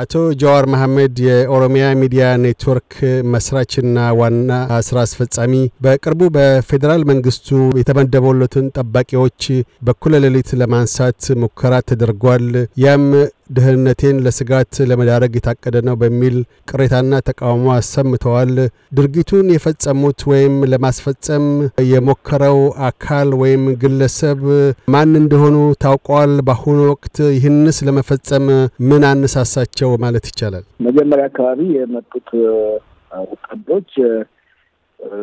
አቶ ጀዋር መሐመድ የኦሮሚያ ሚዲያ ኔትወርክ መስራችና ዋና ስራ አስፈጻሚ በቅርቡ በፌዴራል መንግስቱ የተመደበለትን ጠባቂዎች በኩለ ሌሊት ለማንሳት ሙከራ ተደርጓል። ያም ደህንነቴን ለስጋት ለመዳረግ የታቀደ ነው በሚል ቅሬታና ተቃውሞ አሰምተዋል። ድርጊቱን የፈጸሙት ወይም ለማስፈጸም የሞከረው አካል ወይም ግለሰብ ማን እንደሆኑ ታውቋል? በአሁኑ ወቅት ይህንስ ለመፈጸም ምን አነሳሳቸው ማለት ይቻላል? መጀመሪያ አካባቢ የመጡት ወጣቶች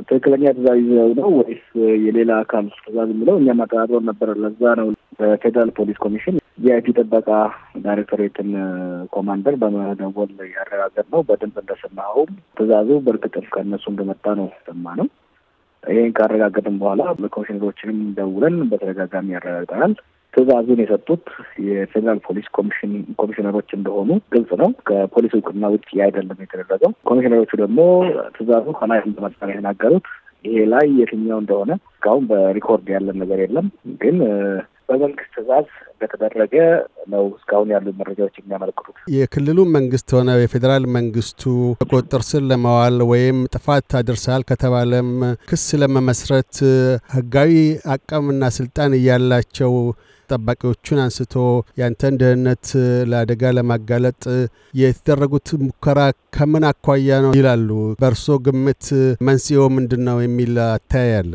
ትክክለኛ ትእዛዝ ይዘው ነው ወይስ የሌላ አካል ትእዛዝ የሚለው እኛ ማጠራጠር ነበረ። ለዛ ነው በፌዴራል ፖሊስ ኮሚሽን የአይፒ ጥበቃ ዳይሬክቶሬትን ኮማንደር በመደወል ያረጋገጥ ነው። በደንብ እንደሰማኸውም ትእዛዙ በእርግጥም ከእነሱ እንደመጣ ነው ሰማ ነው። ይህን ካረጋገጥም በኋላ ኮሚሽነሮችንም ደውለን በተደጋጋሚ ያረጋግጠናል። ትእዛዙን የሰጡት የፌዴራል ፖሊስ ኮሚሽን ኮሚሽነሮች እንደሆኑ ግልጽ ነው። ከፖሊስ እውቅና ውጭ አይደለም የተደረገው። ኮሚሽነሮቹ ደግሞ ትእዛዙ ከላይ እንደመጣ የተናገሩት። ይሄ ላይ የትኛው እንደሆነ እስካሁን በሪኮርድ ያለን ነገር የለም ግን በመንግስት ትእዛዝ እንደተደረገ ነው እስካሁን ያሉ መረጃዎች የሚያመለክቱት። የክልሉ መንግስት ሆነ የፌዴራል መንግስቱ ቁጥጥር ስር ለመዋል ወይም ጥፋት አድርሰሃል ከተባለም ክስ ለመመስረት ህጋዊ አቅምና ስልጣን እያላቸው ጠባቂዎቹን አንስቶ ያንተን ደህንነት ለአደጋ ለማጋለጥ የተደረጉት ሙከራ ከምን አኳያ ነው ይላሉ? በእርሶ ግምት መንስኤው ምንድን ነው የሚል አተያይ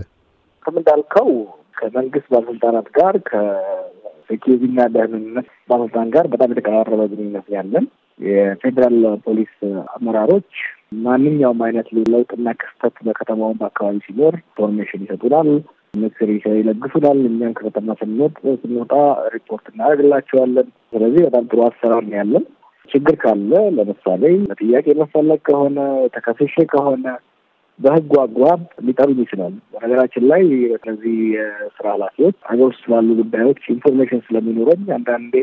ከም እንዳልከው ከመንግስት ባለስልጣናት ጋር ከሴኪሪቲና ደህንነት ባለስልጣን ጋር በጣም የተቀራረበ ግንኙነት ያለን የፌዴራል ፖሊስ አመራሮች ማንኛውም አይነት ለውጥና ክስተት በከተማውም አካባቢ ሲኖር ኢንፎርሜሽን ይሰጡናል። ምክር ይለግሱናል። እኛን ከፈተና ስንወጥ ስንወጣ ሪፖርት እናደርግላቸዋለን። ስለዚህ በጣም ጥሩ አሰራር ነው ያለን። ችግር ካለ ለምሳሌ ለጥያቄ መፈለግ ከሆነ ተከስሼ ከሆነ በህጉ አግባብ ሊጠሩኝ ይችላሉ። በነገራችን ላይ እነዚህ የስራ ኃላፊዎች አገር ውስጥ ስላሉ ጉዳዮች ኢንፎርሜሽን ስለሚኖረኝ አንዳንዴ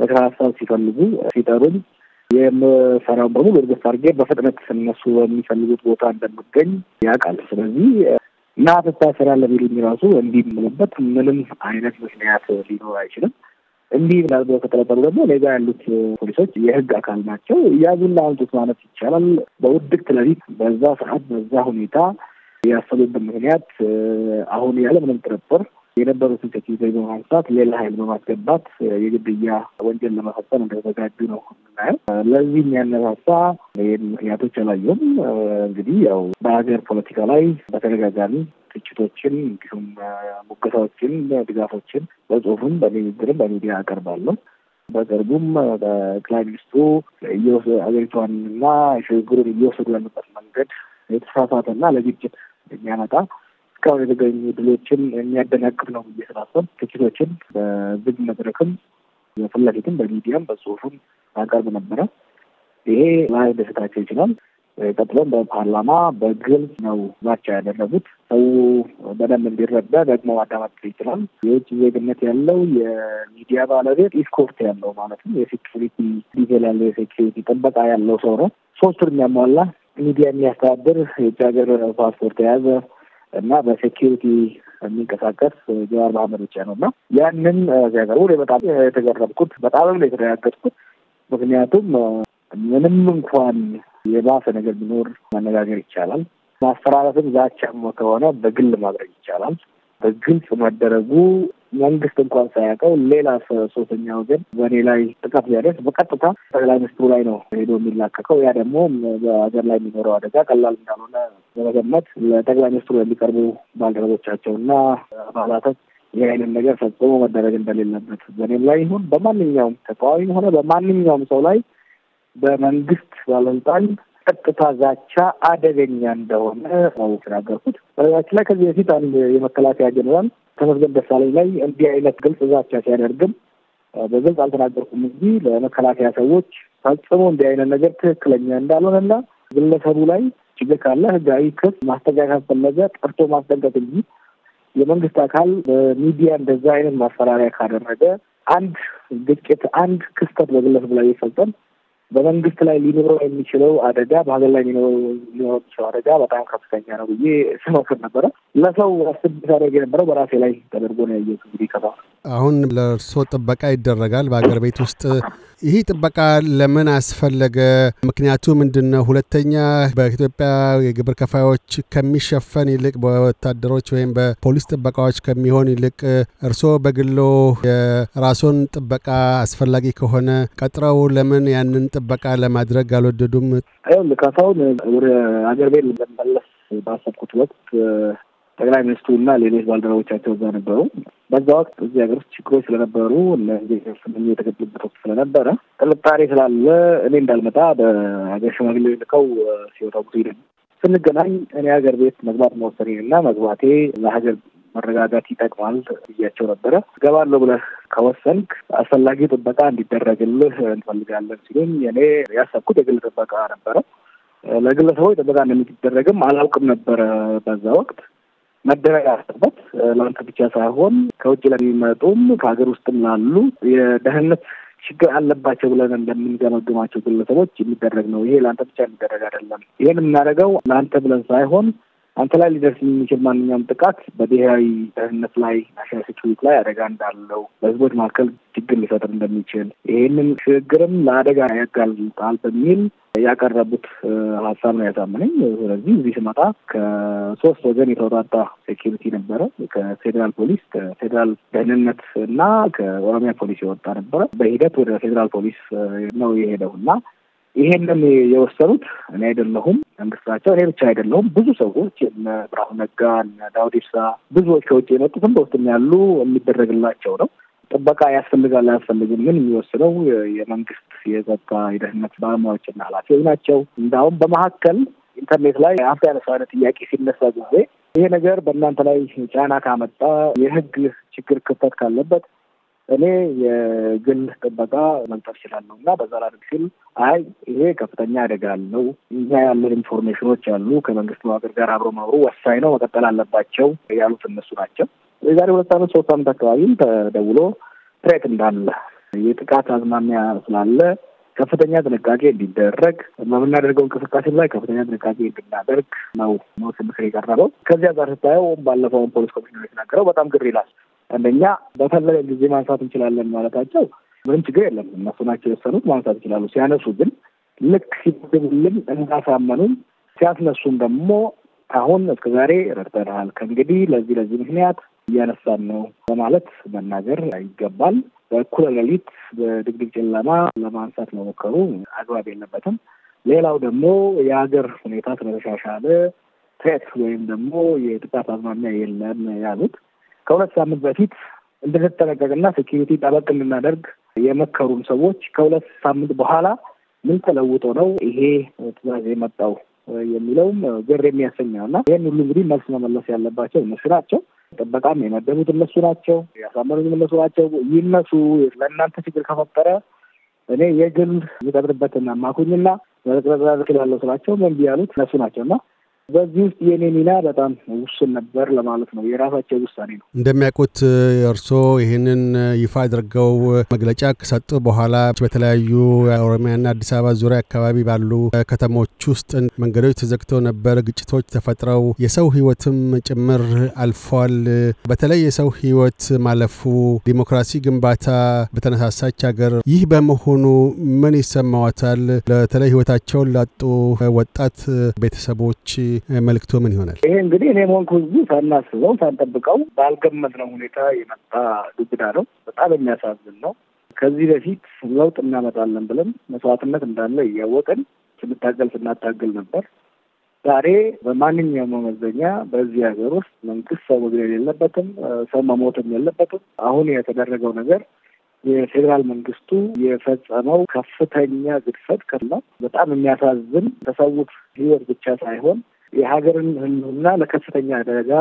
ምክረ ሀሳብ ሲፈልጉ ሲጠሩኝ የምሰራውን በሙሉ እርግፍ አድርጌ በፍጥነት እነሱ በሚፈልጉት ቦታ እንደምገኝ ያውቃል። ስለዚህ እና ትታሰራለህ ቢሉኝ ራሱ እንዲህ የምልበት ምንም አይነት ምክንያት ሊኖር አይችልም። እንዲህ ብላዝበው ከተጠረጠሩ ደግሞ ሌጋ ያሉት ፖሊሶች የህግ አካል ናቸው። ያዙና አምጡት ማለት ይቻላል። በውድቅት ሌሊት በዛ ሰዓት በዛ ሁኔታ ያሰቡበት ምክንያት አሁን ያለ ምንም ጥርጥር የነበሩትን ከሲቪሎች በማንሳት ሌላ ሀይል በማስገባት የግድያ ወንጀል ለመፈጸም እንደተዘጋጁ ነው የምናየው። ለዚህ የሚያነሳሳ ምክንያቶች አላየሁም። እንግዲህ ያው በሀገር ፖለቲካ ላይ በተደጋጋሚ ትችቶችን እንዲሁም ሙገታዎችን፣ ድጋፎችን በጽሁፍም በንግግርም በሚዲያ አቀርባለሁ። በቅርቡም በጠቅላይ ሚኒስትሩ አገሪቷንና ሽግግሩን እየወሰዱ ያሉበት መንገድ የተሳሳተና ለግጭት የሚያመጣ እስካሁን የተገኙ ድሎችን የሚያደናቅፍ ነው ብዬ ስላሰብኩ ትችቶችን በዝግ መድረክም በፊትለፊትም በሚዲያም በጽሁፍም አቀርብ ነበረ። ይሄ ላይ ደስታቸው ይችላል። ቀጥሎም በፓርላማ በግልጽ ነው ዛቻ ያደረጉት። ሰው በደንብ እንዲረዳ ደግሞ ማዳመጥ ይችላል። የውጭ ዜግነት ያለው የሚዲያ ባለቤት ኢስኮርት ያለው ማለትም የሴኪሪቲ ዲቴል ያለው የሴኪሪቲ ጥበቃ ያለው ሰው ነው። ሶስቱን የሚያሟላ ሚዲያ የሚያስተዳድር የውጭ ሀገር ፓስፖርት የያዘ እና በሴኪሪቲ የሚንቀሳቀስ ጀዋር መሀመድ ብቻ ነው እና ያንን ሲያቀርቡ በጣም የተገረምኩት በጣም ላይ የተረጋገጥኩት ምክንያቱም ምንም እንኳን የባሰ ነገር ቢኖር መነጋገር ይቻላል። ማስፈራራትም ዛቻም ከሆነ በግል ማድረግ ይቻላል። በግልጽ መደረጉ መንግስት እንኳን ሳያውቀው ሌላ ሶስተኛ ወገን በእኔ ላይ ጥቃት ቢያደርስ በቀጥታ ጠቅላይ ሚኒስትሩ ላይ ነው ሄዶ የሚላቀቀው። ያ ደግሞ በሀገር ላይ የሚኖረው አደጋ ቀላል እንዳልሆነ በመገመት ለጠቅላይ ሚኒስትሩ የሚቀርቡ ባልደረቦቻቸውና አባላቶች ይህ አይነት ነገር ፈጽሞ መደረግ እንደሌለበት በእኔም ላይ ይሁን በማንኛውም ተቃዋሚ ሆነ በማንኛውም ሰው ላይ በመንግስት ባለስልጣን ቀጥታ ዛቻ አደገኛ እንደሆነ ነው የተናገርኩት። በዛችን ላይ ከዚህ በፊት አንድ የመከላከያ ጀነራል ተመስገን ደሳለኝ ላይ እንዲህ አይነት ግልጽ ዛቻ ሲያደርግም በግልጽ አልተናገርኩም እንጂ ለመከላከያ ሰዎች ፈጽሞ እንዲህ አይነት ነገር ትክክለኛ እንዳልሆነና ግለሰቡ ላይ ችግር ካለ ህጋዊ ክስ ማስጠንቀቅ ካስፈለገ ጠርቶ ማስጠንቀቅ እንጂ የመንግስት አካል በሚዲያ እንደዛ አይነት ማፈራሪያ ካደረገ አንድ ግጭት፣ አንድ ክስተት በግለሰቡ ላይ ይፈጸም በመንግስት ላይ ሊኖረው የሚችለው አደጋ በሀገር ላይ ሊኖረው የሚችለው አደጋ በጣም ከፍተኛ ነው ብዬ ስመክር ነበረ። ለሰው አስቤ ሳደርግ የነበረው በራሴ ላይ ተደርጎ ነው ያየሁት። እንግዲህ ከባ አሁን ለእርሶ ጥበቃ ይደረጋል በአገር ቤት ውስጥ። ይህ ጥበቃ ለምን አስፈለገ? ምክንያቱ ምንድን ነው? ሁለተኛ በኢትዮጵያ የግብር ከፋዮች ከሚሸፈን ይልቅ በወታደሮች ወይም በፖሊስ ጥበቃዎች ከሚሆን ይልቅ እርሶ በግሎ የራሱን ጥበቃ አስፈላጊ ከሆነ ቀጥረው ለምን ያንን ጥበቃ ለማድረግ አልወደዱም? ካሳሁን ወደ አገር ቤት ለመመለስ ባሰብኩት ወቅት ጠቅላይ ሚኒስትሩና ሌሎች ባልደረቦቻቸው እዛ ነበሩ። በዛ ወቅት እዚህ ሀገር ውስጥ ችግሮች ስለነበሩ ኢንጂነር ስመኘው የተገደሉበት ወቅት ስለነበረ ጥርጣሬ ስላለ እኔ እንዳልመጣ በሀገር ሽማግሌ ልከው ሲወጣ ጉዞ ሄደ። ስንገናኝ እኔ ሀገር ቤት መግባት መወሰኔ መወሰኔንና መግባቴ ለሀገር መረጋጋት ይጠቅማል ብያቸው ነበረ። ገባለሁ ብለህ ከወሰንክ አስፈላጊ ጥበቃ እንዲደረግልህ እንፈልጋለን ሲሉኝ እኔ ያሰብኩት የግል ጥበቃ ነበረው። ለግለሰቦች ጥበቃ እንደሚደረግም አላውቅም ነበረ በዛ ወቅት መደረግ አለበት። ለአንተ ብቻ ሳይሆን ከውጭ ለሚመጡም ከሀገር ውስጥም ላሉ የደህንነት ችግር አለባቸው ብለን እንደምንገመግማቸው ግለሰቦች የሚደረግ ነው። ይሄ ለአንተ ብቻ የሚደረግ አይደለም። ይህን የምናደርገው ለአንተ ብለን ሳይሆን አንተ ላይ ሊደርስ የሚችል ማንኛውም ጥቃት በብሔራዊ ደህንነት ላይ ናሽናል ሴኪሪቲ ላይ አደጋ እንዳለው በህዝቦች መካከል ችግር ሊፈጥር እንደሚችል ይህንን ሽግግርም ለአደጋ ያጋልጣል በሚል ያቀረቡት ሀሳብ ነው ያሳምነኝ። ስለዚህ እዚህ ስመጣ ከሶስት ወገን የተወጣጣ ሴኪሪቲ ነበረ። ከፌዴራል ፖሊስ፣ ከፌዴራል ደህንነት እና ከኦሮሚያ ፖሊስ የወጣ ነበረ። በሂደት ወደ ፌዴራል ፖሊስ ነው የሄደው እና ይሄንን የወሰኑት እኔ አይደለሁም፣ መንግስት ናቸው። እኔ ብቻ አይደለሁም። ብዙ ሰዎች እነ ብርሃኑ ነጋ፣ እነ ዳውድ ኢብሳ፣ ብዙዎች ከውጭ የመጡትም በውስጥም ያሉ የሚደረግላቸው ነው። ጥበቃ ያስፈልጋል አያስፈልግም፣ ግን የሚወስነው የመንግስት የጸጥታ የደህንነት ባለሙያዎችና ኃላፊዎች ናቸው። እንዳሁም በመካከል ኢንተርኔት ላይ አፍጋኒስታን አይነት ጥያቄ ሲነሳ ጊዜ ይሄ ነገር በእናንተ ላይ ጫና ካመጣ የህግ ችግር ክፍተት ካለበት እኔ የግል ጥበቃ መምጠር እችላለሁ እና በዛ ላድርግ ሲል አይ ይሄ ከፍተኛ አደጋ አለው፣ እኛ ያለን ኢንፎርሜሽኖች አሉ፣ ከመንግስት መዋቅር ጋር አብሮ መኖሩ ወሳኝ ነው፣ መቀጠል አለባቸው ያሉት እነሱ ናቸው። የዛሬ ሁለት ዓመት ሶስት ዓመት አካባቢም ተደውሎ ትሬት እንዳለ የጥቃት አዝማሚያ ስላለ ከፍተኛ ጥንቃቄ እንዲደረግ በምናደርገው እንቅስቃሴ ላይ ከፍተኛ ጥንቃቄ እንድናደርግ ነው ሞት ምክር የቀረበው። ከዚያ ጋር ስታየው ባለፈውን ፖሊስ ኮሚሽነር የተናገረው በጣም ግር ይላል። አንደኛ በፈለገ ጊዜ ማንሳት እንችላለን ማለታቸው ምንም ችግር የለም። እነሱ ናቸው የወሰኑት፣ ማንሳት ይችላሉ። ሲያነሱ ግን ልክ ሲደግሙልን እንዳሳመኑም ሲያስነሱም ደግሞ አሁን እስከ ዛሬ ረድተናል፣ ከእንግዲህ ለዚህ ለዚህ ምክንያት እያነሳን ነው በማለት መናገር ይገባል። በእኩለ ሌሊት በድግድግ ጨለማ ለማንሳት መሞከሩ አግባብ የለበትም። ሌላው ደግሞ የሀገር ሁኔታ ስለተሻሻለ ትሬት ወይም ደግሞ የጥቃት አዝማሚያ የለም ያሉት ከሁለት ሳምንት በፊት እንድንጠነቀቅና ሴኪሪቲ ጠበቅ እንድናደርግ የመከሩን ሰዎች ከሁለት ሳምንት በኋላ ምን ተለውጦ ነው ይሄ ትዕዛዝ የመጣው የሚለውም ግር የሚያሰኝ ነው እና ይህን ሁሉ እንግዲህ መልስ መመለስ ያለባቸው እነሱ ናቸው። ጥበቃም የመደቡት እነሱ ናቸው። ያሳመኑኝ እነሱ ናቸው። ይነሱ ለእናንተ ችግር ከፈጠረ እኔ የግል የሚቀጥርበትና ማኩኝና መቅረጽ እችላለሁ ስላቸው ምን ቢያሉት እነሱ ናቸው እና በዚህ ውስጥ የእኔ ሚና በጣም ውስን ነበር ለማለት ነው። የራሳቸው ውሳኔ ነው። እንደሚያውቁት እርስዎ ይህንን ይፋ አድርገው መግለጫ ከሰጡ በኋላ በተለያዩ ኦሮሚያና አዲስ አበባ ዙሪያ አካባቢ ባሉ ከተሞች ውስጥ መንገዶች ተዘግተው ነበር፣ ግጭቶች ተፈጥረው የሰው ሕይወትም ጭምር አልፏል። በተለይ የሰው ሕይወት ማለፉ ዲሞክራሲ ግንባታ በተነሳሳች ሀገር ይህ በመሆኑ ምን ይሰማዋታል በተለይ ሕይወታቸውን ላጡ ወጣት ቤተሰቦች መልእክቶ ምን ይሆናል? ይሄ እንግዲህ እኔም ሆንኩ ህዝቡ ሳናስበው ሳንጠብቀው ባልገመትነው ሁኔታ የመጣ ዱብዳ ነው። በጣም የሚያሳዝን ነው። ከዚህ በፊት ለውጥ እናመጣለን ብለን መስዋዕትነት እንዳለ እያወቅን ስንታገል ስናታግል ነበር። ዛሬ በማንኛውም መመዘኛ በዚህ ሀገር ውስጥ መንግስት ሰው መግደል የለበትም፣ ሰው መሞትም የለበትም። አሁን የተደረገው ነገር የፌዴራል መንግስቱ የፈጸመው ከፍተኛ ግድፈት ከላ በጣም የሚያሳዝን ተሰውት ህይወት ብቻ ሳይሆን የሀገርን ሕልውና ለከፍተኛ አደጋ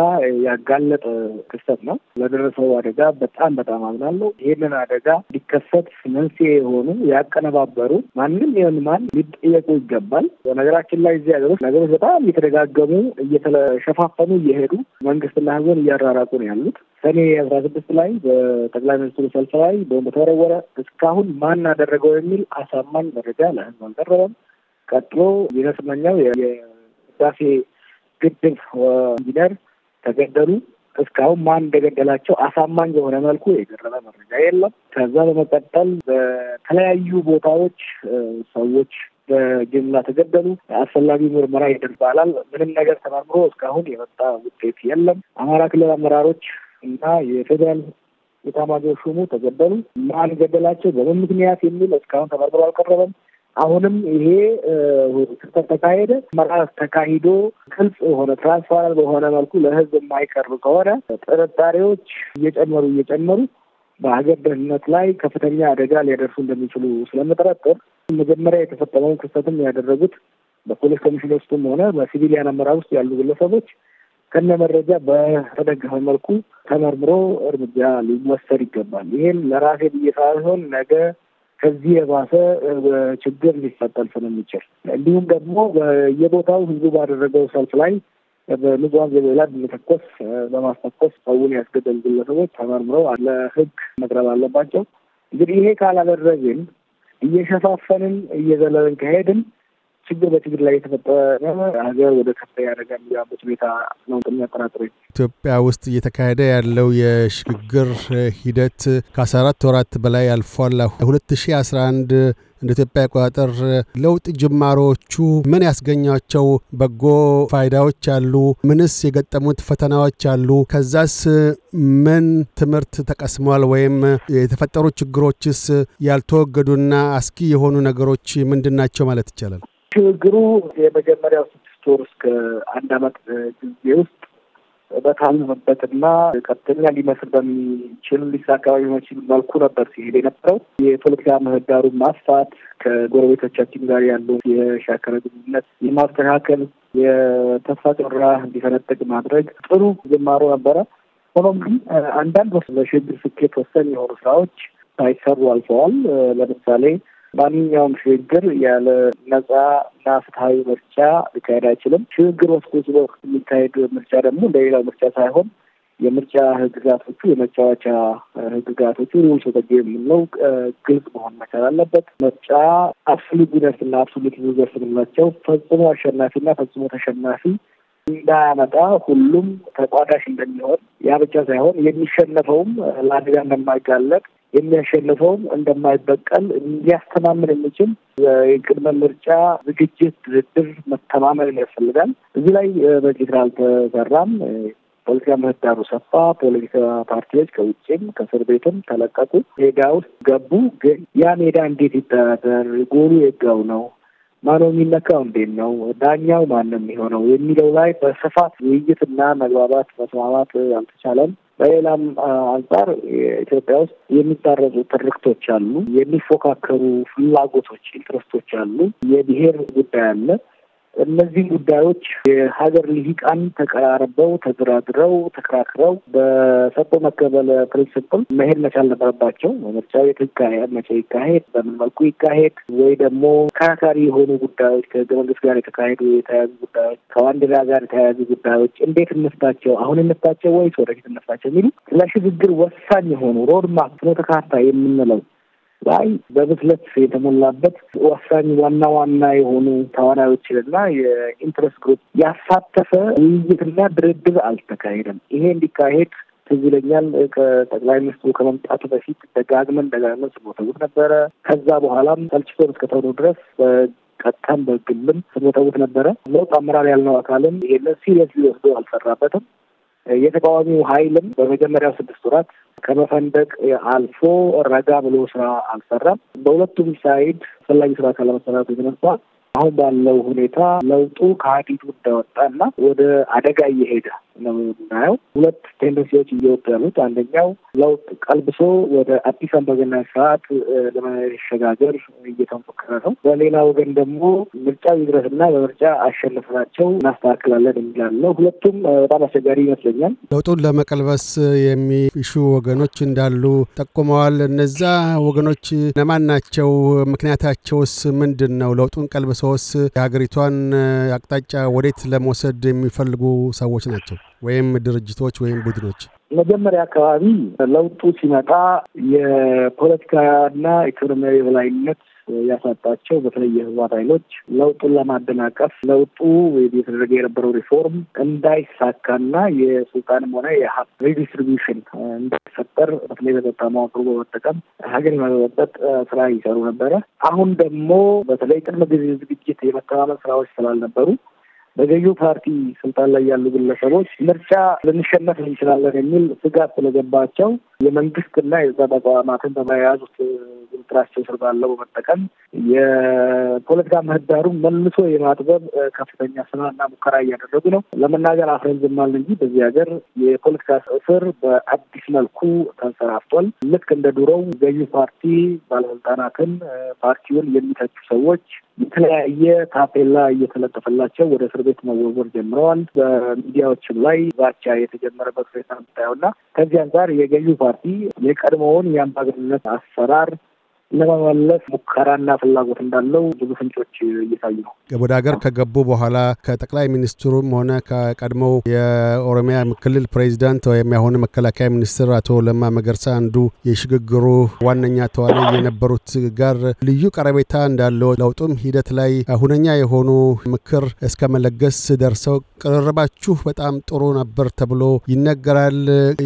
ያጋለጠ ክስተት ነው። ለደረሰው አደጋ በጣም በጣም አምናለሁ። ይህንን አደጋ ሊከሰት መንስኤ የሆኑ ያቀነባበሩ ማንም ይሁን ማን ሊጠየቁ ይገባል። በነገራችን ላይ እዚህ ሀገሮች ነገሮች በጣም እየተደጋገሙ እየተሸፋፈኑ እየሄዱ መንግስትና ሕዝብን እያራራቁ ነው ያሉት። ሰኔ አስራ ስድስት ላይ በጠቅላይ ሚኒስትሩ ሰልፍ ላይ ቦምብ ተወረወረ። እስካሁን ማን አደረገው የሚል አሳማኝ መረጃ ለህዝብ አልቀረበም። ቀጥሎ ይነስመኛው ህዳሴ ግድብ ኢንጂነር ተገደሉ። እስካሁን ማን እንደገደላቸው አሳማኝ በሆነ መልኩ የቀረበ መረጃ የለም። ከዛ በመቀጠል በተለያዩ ቦታዎች ሰዎች በጅምላ ተገደሉ። አስፈላጊ ምርመራ ይደርባላል። ምንም ነገር ተመርምሮ እስካሁን የመጣ ውጤት የለም። አማራ ክልል አመራሮች እና የፌዴራል የታማጆ ሹሙ ተገደሉ። ማን ገደላቸው፣ በምን ምክንያት የሚል እስካሁን ተመርምሮ አልቀረበም። አሁንም ይሄ ክስተት ተካሄደ መራስ ተካሂዶ ግልጽ የሆነ ትራንስፓረንት በሆነ መልኩ ለህዝብ የማይቀርብ ከሆነ ጥርጣሬዎች እየጨመሩ እየጨመሩ በሀገር ደህንነት ላይ ከፍተኛ አደጋ ሊያደርሱ እንደሚችሉ ስለምጠረጥር መጀመሪያ የተፈጠመውን ክስተትም ያደረጉት በፖሊስ ኮሚሽን ውስጥም ሆነ በሲቪሊያን አመራር ውስጥ ያሉ ግለሰቦች ከነ መረጃ በተደገፈ መልኩ ተመርምሮ እርምጃ ሊወሰድ ይገባል። ይህም ለራሴ ብዬ ሳይሆን ነገ ከዚህ የባሰ ችግር ሊፈጠር ስለሚችል እንዲሁም ደግሞ የቦታው ህዝቡ ባደረገው ሰልፍ ላይ በንጹሃን ዜጎች ላይ በመተኮስ በማስተኮስ ሰውን ያስገደሉ ግለሰቦች ተመርምረው ለህግ መቅረብ አለባቸው። እንግዲህ ይሄ ካላደረግን እየሸፋፈንን እየዘለልን ከሄድን ችግር በችግር ላይ የተፈጠረ ሀገር ወደ ከፍተኛ አደጋ የሚገባበት ሁኔታ ነው የሚያጠራጥረኝ። ኢትዮጵያ ውስጥ እየተካሄደ ያለው የሽግግር ሂደት ከአስራ አራት ወራት በላይ አልፏል። ሁለት ሺ አስራ አንድ እንደ ኢትዮጵያ አቆጣጠር ለውጥ ጅማሮዎቹ ምን ያስገኛቸው በጎ ፋይዳዎች አሉ? ምንስ የገጠሙት ፈተናዎች አሉ? ከዛስ ምን ትምህርት ተቀስሟል? ወይም የተፈጠሩ ችግሮችስ ያልተወገዱና አስጊ የሆኑ ነገሮች ምንድናቸው ማለት ይቻላል? ችግሩ የመጀመሪያው ስድስት ወር እስከ አንድ አመት ጊዜ ውስጥ በታመመበትና ቀጥተኛ ሊመስል በሚችል ሊሳካ በሚችል መልኩ ነበር ሲሄድ የነበረው። የፖለቲካ ምህዳሩን ማስፋት፣ ከጎረቤቶቻችን ጋር ያለው የሻከረ ግንኙነት የማስተካከል የተስፋ ጮራ እንዲፈነጥቅ ማድረግ ጥሩ ጅማሮ ነበረ። ሆኖም ግን አንዳንድ በሽግግር ስኬት ወሳኝ የሆኑ ስራዎች ሳይሰሩ አልፈዋል። ለምሳሌ ማንኛውም ሽግግር ያለ ነጻ እና ፍትሀዊ ምርጫ ሊካሄድ አይችልም። ሽግግር በስኩስ ወቅት የሚካሄድ ምርጫ ደግሞ እንደሌላው ምርጫ ሳይሆን የምርጫ ህግጋቶቹ የመጫወቻ ህግጋቶቹ ሩልስ ኦፍ የምንለው ግልጽ መሆን መቻል አለበት። ምርጫ አብሶሉት እና አብሶሉት ሉዘርስ የምንላቸው ፈጽሞ አሸናፊ እና ፈጽሞ ተሸናፊ እንዳያመጣ ሁሉም ተቋዳሽ እንደሚሆን ያ ብቻ ሳይሆን የሚሸነፈውም ለአደጋ እንደማይጋለጥ የሚያሸንፈውም እንደማይበቀል እንዲያስተማምን የሚችል የቅድመ ምርጫ ዝግጅት፣ ድርድር፣ መተማመን ያስፈልጋል። እዚህ ላይ በቂ አልተሰራም። ፖለቲካ ምህዳሩ ሰፋ። ፖለቲካ ፓርቲዎች ከውጭም ከእስር ቤትም ተለቀቁ፣ ሜዳ ውስጥ ገቡ። ግን ያ ሜዳ እንዴት ይተዳደር? ጎሉ የጋው ነው። ማነው የሚነካው እንዴት ነው ዳኛው ማን ነው የሚሆነው የሚለው ላይ በስፋት ውይይትና መግባባት መስማማት አልተቻለም። በሌላም አንጻር ኢትዮጵያ ውስጥ የሚታረዙ ትርክቶች አሉ፣ የሚፎካከሩ ፍላጎቶች ኢንትረስቶች አሉ፣ የብሔር ጉዳይ አለ። እነዚህ ጉዳዮች የሀገር ልሂቃን ተቀራርበው ተደራድረው ተከራክረው በሰጥቶ መቀበል ፕሪንስፕል መሄድ መቻል ነበረባቸው። ምርጫው የት ይካሄድ፣ መቼ ይካሄድ፣ በምን መልኩ ይካሄድ ወይ ደግሞ ተከራካሪ የሆኑ ጉዳዮች ከህገ መንግስት ጋር የተካሄዱ የተያዙ ጉዳዮች ከባንዲራ ጋር የተያያዙ ጉዳዮች እንዴት እንፍታቸው? አሁን እንፍታቸው ወይስ ወደፊት እንፍታቸው የሚሉ ለሽግግር ወሳኝ የሆኑ ሮድማፕ ፍኖተ ካርታ የምንለው ላይ በብስለት የተሞላበት ወሳኝ ዋና ዋና የሆኑ ተዋናዮችንና የኢንትረስት ግሩፕ ያሳተፈ ውይይትና ድርድር አልተካሄደም። ይሄ እንዲካሄድ ትዝ ይለኛል ከጠቅላይ ሚኒስትሩ ከመምጣቱ በፊት ደጋግመን ደጋግመን ስንወተውት ነበረ። ከዛ በኋላም ሰልችቶን እስከተሆኑ ድረስ በቀጥታም በግልም ስንወተውት ነበረ። ለውጥ አመራር ያልነው አካልም ይሄንን ሲሪየስ ሊወስደው አልሰራበትም። የተቃዋሚው ኃይልም በመጀመሪያው ስድስት ወራት ከመፈንደቅ አልፎ ረጋ ብሎ ስራ አልሰራም። በሁለቱም ሳይድ አስፈላጊ ስራ ካለመሰራቱ የተነሳ አሁን ባለው ሁኔታ ለውጡ ከሀዲቱ እንዳወጣና ወደ አደጋ እየሄደ ነው የምናየው። ሁለት ቴንደንሲዎች እየወጡ ያሉት አንደኛው ለውጥ ቀልብሶ ወደ አዲስ አምባገነን ስርዓት ለመሸጋገር እየተሞከረ ነው። በሌላ ወገን ደግሞ ምርጫ ይድረስና በምርጫ አሸንፈናቸው እናስተካክላለን ነው። ሁለቱም በጣም አስቸጋሪ ይመስለኛል። ለውጡን ለመቀልበስ የሚሹ ወገኖች እንዳሉ ጠቁመዋል። እነዛ ወገኖች ነማን ናቸው? ምክንያታቸውስ ምንድን ነው? ለውጡን ቀልብሰውስ የሀገሪቷን አቅጣጫ ወዴት ለመውሰድ የሚፈልጉ ሰዎች ናቸው? ወይም ድርጅቶች ወይም ቡድኖች? መጀመሪያ አካባቢ ለውጡ ሲመጣ የፖለቲካና ኢኮኖሚያዊ የበላይነት ያሳጣቸው በተለይ የህወሓት ኃይሎች ለውጡን ለማደናቀፍ ለውጡ የተደረገ የነበረው ሪፎርም እንዳይሳካና የስልጣንም ሆነ የሀብት ሪዲስትሪቢሽን እንዳይፈጠር በተለይ በጸጥታ መዋቅሩ በመጠቀም ሀገር የመበጠጥ ስራ ይሰሩ ነበረ። አሁን ደግሞ በተለይ ቅድመ ጊዜ ዝግጅት የመተማመን ስራዎች ስላልነበሩ በገዢው ፓርቲ ስልጣን ላይ ያሉ ግለሰቦች ምርጫ ልንሸነፍ እንችላለን የሚል ስጋት ስለገባቸው የመንግስትና የዛ ተቋማትን በመያዙት ቁጥጥራቸው ስር ባለው በመጠቀም የፖለቲካ ምህዳሩን መልሶ የማጥበብ ከፍተኛ ስራና ሙከራ እያደረጉ ነው። ለመናገር አፍረን ዝም አልን እንጂ በዚህ ሀገር የፖለቲካ እስር በአዲስ መልኩ ተንሰራፍቷል። ልክ እንደ ድሮው ገዢው ፓርቲ ባለስልጣናትን፣ ፓርቲውን የሚተቹ ሰዎች የተለያየ ታፔላ እየተለጠፈላቸው ወደ እስር ቤት መወርወር ጀምረዋል። በሚዲያዎችም ላይ ዛቻ የተጀመረበት ሁኔታ የምታየው እና ከዚህ አንጻር የገዢው ፓርቲ የቀድሞውን የአምባገነንነት አሰራር ለመመለስ ሙከራና ፍላጎት እንዳለው ብዙ ፍንጮች እየታዩ ነው። ወደ ሀገር ከገቡ በኋላ ከጠቅላይ ሚኒስትሩም ሆነ ከቀድሞው የኦሮሚያ ክልል ፕሬዚዳንት ወይም ያሁኑ መከላከያ ሚኒስትር አቶ ለማ መገርሳ አንዱ የሽግግሩ ዋነኛ ተዋናይ የነበሩት ጋር ልዩ ቀረቤታ እንዳለው ለውጡም ሂደት ላይ ሁነኛ የሆኑ ምክር እስከ መለገስ ደርሰው ቅርርባችሁ በጣም ጥሩ ነበር ተብሎ ይነገራል።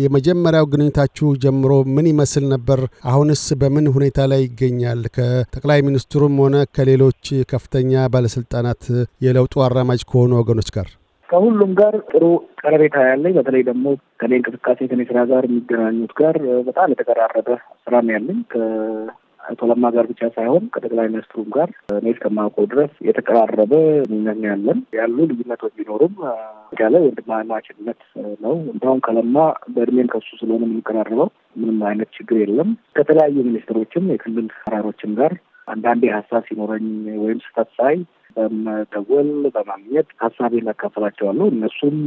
የመጀመሪያው ግንኙታችሁ ጀምሮ ምን ይመስል ነበር? አሁንስ በምን ሁኔታ ላይ ይገኛል። ከጠቅላይ ሚኒስትሩም ሆነ ከሌሎች ከፍተኛ ባለስልጣናት የለውጡ አራማጅ ከሆኑ ወገኖች ጋር ከሁሉም ጋር ጥሩ ቀረቤታ ያለኝ በተለይ ደግሞ ከኔ እንቅስቃሴ ከኔ ስራ ጋር የሚገናኙት ጋር በጣም የተቀራረበ ስራም ያለኝ አቶ ለማ ጋር ብቻ ሳይሆን ከጠቅላይ ሚኒስትሩም ጋር እኔ እስከማውቀው ድረስ የተቀራረበ ሚነን ያለን ያሉ ልዩነቶች ቢኖሩም ያለ ወንድማማችነት ነው። እንዲሁም ከለማ በእድሜም ከሱ ስለሆነ የምንቀራርበው ምንም አይነት ችግር የለም። ከተለያዩ ሚኒስትሮችም የክልል አመራሮችም ጋር አንዳንዴ ሀሳብ ሲኖረኝ ወይም ስህተት ሳይ በመደወል በማግኘት ሀሳቤን አካፍላቸዋለሁ። እነሱም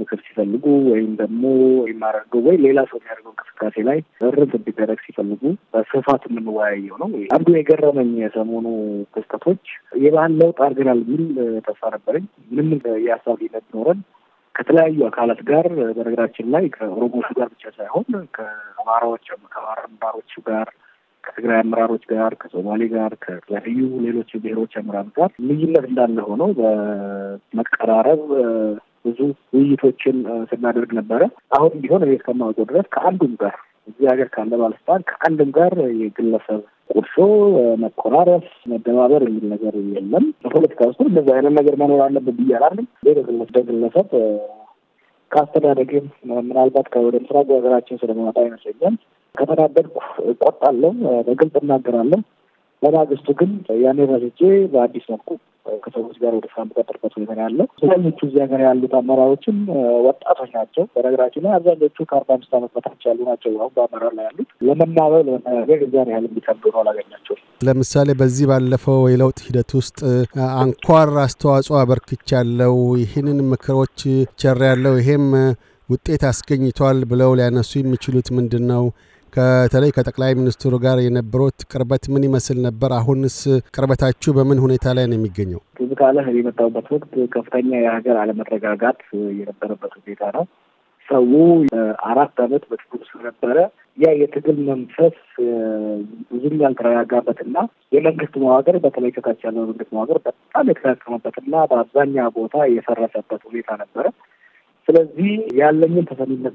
ምክር ሲፈልጉ ወይም ደግሞ የማደርገው ወይ ሌላ ሰው የሚያደርገው እንቅስቃሴ ላይ እርፍ እንዲደረግ ሲፈልጉ በስፋት የምንወያየው ነው። አንዱ የገረመኝ የሰሞኑ ክስተቶች የባህል ለውጥ አድርገናል የሚል ተስፋ ነበረኝ። ምንም የሀሳብ ሊነት ኖረን ከተለያዩ አካላት ጋር በነገራችን ላይ ከኦሮሞቹ ጋር ብቻ ሳይሆን ከአማራዎች ከአማራ አምባሮቹ ጋር ከትግራይ አመራሮች ጋር፣ ከሶማሌ ጋር፣ ከተለያዩ ሌሎች ብሔሮች አመራሮች ጋር ልዩነት እንዳለ ሆኖ በመቀራረብ ብዙ ውይይቶችን ስናደርግ ነበረ። አሁን ቢሆን እኔ እስከማውቀው ድረስ ከአንዱም ጋር እዚህ ሀገር ካለ ባለስልጣን ከአንድም ጋር የግለሰብ ቁርሾ፣ መኮራረስ፣ መደባበር የሚል ነገር የለም። በፖለቲካ ውስጥ እንደዚህ አይነት ነገር መኖር አለብን ብያላለም። አላለም። ግለሰብ ከአስተዳደግም ምናልባት ከወደ ምስራቅ ሀገራችን ስለመመጣ ይመስለኛል ከተናደድኩ እቆጣለሁ፣ በግልጽ እናገራለሁ። በማግስቱ ግን ያኔ ረስቼ በአዲስ መልኩ ከሰዎች ጋር ወደ ስራ የምቀጥርበት ሁኔታ ነው ያለው። አብዛኞቹ እዚህ ሀገር ያሉት አመራሮችም ወጣቶች ናቸው። በነገራችን ላይ አብዛኞቹ ከአርባ አምስት ዓመት በታች ያሉ ናቸው። አሁን በአመራር ላይ ያሉት ለመናበብ ለመናገር እዚያን ያህል የሚከብዱ ነው። አላገኛቸው ለምሳሌ በዚህ ባለፈው የለውጥ ሂደት ውስጥ አንኳር አስተዋጽኦ አበርክቻለሁ፣ ይህንን ምክሮች ቸር ያለው ይሄም ውጤት አስገኝቷል ብለው ሊያነሱ የሚችሉት ምንድን ነው? ከተለይ ከጠቅላይ ሚኒስትሩ ጋር የነበሩት ቅርበት ምን ይመስል ነበር? አሁንስ ቅርበታችሁ በምን ሁኔታ ላይ ነው የሚገኘው? ትዝ ካለህ የመጣሁበት ወቅት ከፍተኛ የሀገር አለመረጋጋት የነበረበት ሁኔታ ነው። ሰው አራት ዓመት በትግል ስለነበረ ያ የትግል መንፈስ ብዙም ያልተረጋጋበትና የመንግስት መዋቅር በተለይ ከታች ያለው መንግስት መዋቅር በጣም የተዳከመበትና በአብዛኛ ቦታ የፈረሰበት ሁኔታ ነበረ። ስለዚህ ያለኝን ተሰሚነት